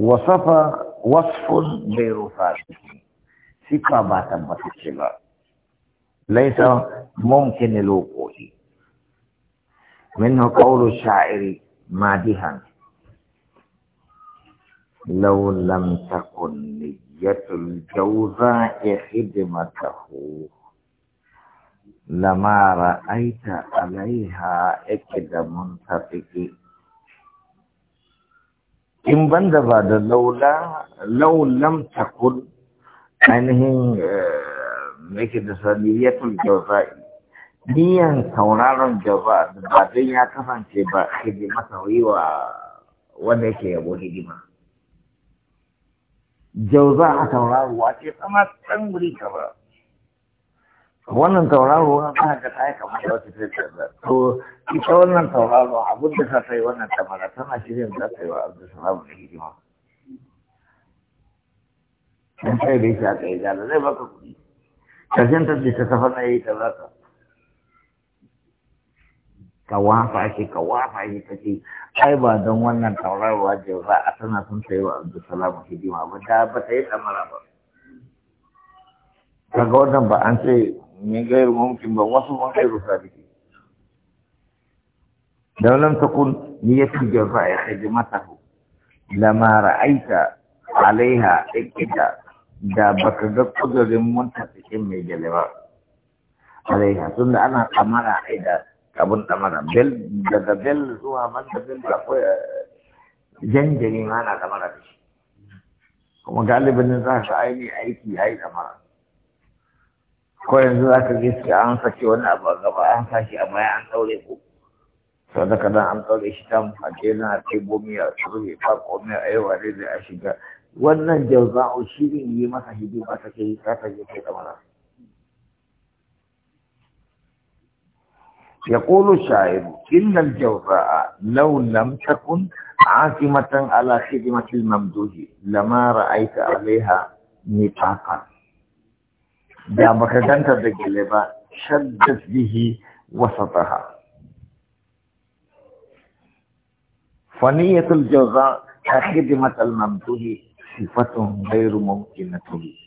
وصف وصف غير فاسد صفة ما تنبتش ليس ممكن الوقوع منه قول الشاعر مادها لو لم تكن نية الجوزاء خدمته لما رأيت عليها إكد منتفق in ban da ba da laula laulam takun ainihin yake eh, da saniyatul jaza'i niyan sauraron jaza da ba ya kasance ba hidima masa wa wanda yake yabo hidima jauza a sauraro wace tsama tsan wuri ka ba wannan tauraro na ta haka ta yi kamar da wasu yi da to ita wannan tauraro abin da ta sai wannan tamara tana shirin da ta yi wa abu salamu da hidima dan sai da shi aka yi gala zai baka kuɗi karshen ta ce ta safa na yi ta za ka ka wafa shi ka wafa shi ka ce ai ba don wannan taurarwa ce ba a tana sun ta yi wa abu salamu hidima ba ta ba ta yi tamara ba kaga wannan ba an ce من غير ممكن ووصف غير ثابت لو لم تكن نية الجزاء خدمته لما رأيت عليها إكتا da baka ga kudurin muntafikin mai galewa alaiha tun ana kamara a da abun kamara bel daga bel zuwa da bel da akwai janjani ma ana da kuma galibin za ka aini aiki ya yi kamara Ko za ka ji sai an saki wani abu a gaba an saki amma ya an daure ku sau da kadan an daure shi tam a jela a kai bomi a turbe fa komai a yau a rezai a shiga wannan jauza o shi ne yi masa hidima ta ke yi ta yi kai da ya kulu sha'iru inna jauza a lau lam takun asimatan ala hidimatil mamduhi lama ra'aita alaiha nifaqan بیا مکدن ته دګلی به وسطها فنية الجوزاء كخدمة الممدوح صفة غير ممكنة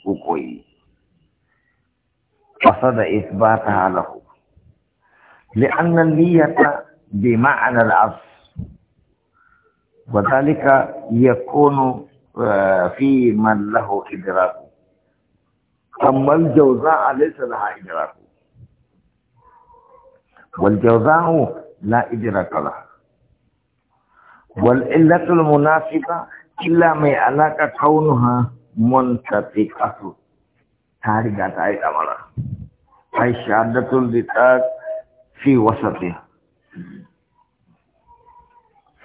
او کوئی قصد اثباتها له لأن النية بمعنى العرض وذلك يكون آه، في من له ادراك amma aljawza'a laysa laha idraku wal jauza la idraka laha wal illatul munasiba illa mai alaka kaunuha muntafiqatu ta riga ta yi damara ai shahadatul litaq fi wasatiha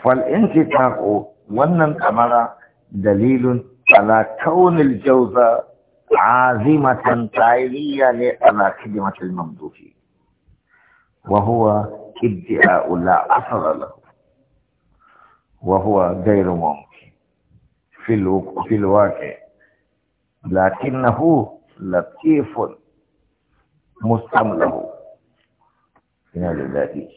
fal intiqaqu wannan damara dalilun ala kaunil jauza عازمة تعيرية على خدمة الممدوح وهو ادعاء لا أثر له وهو غير ممكن في, الو... في الواقع لكنه لطيف مستمله من لله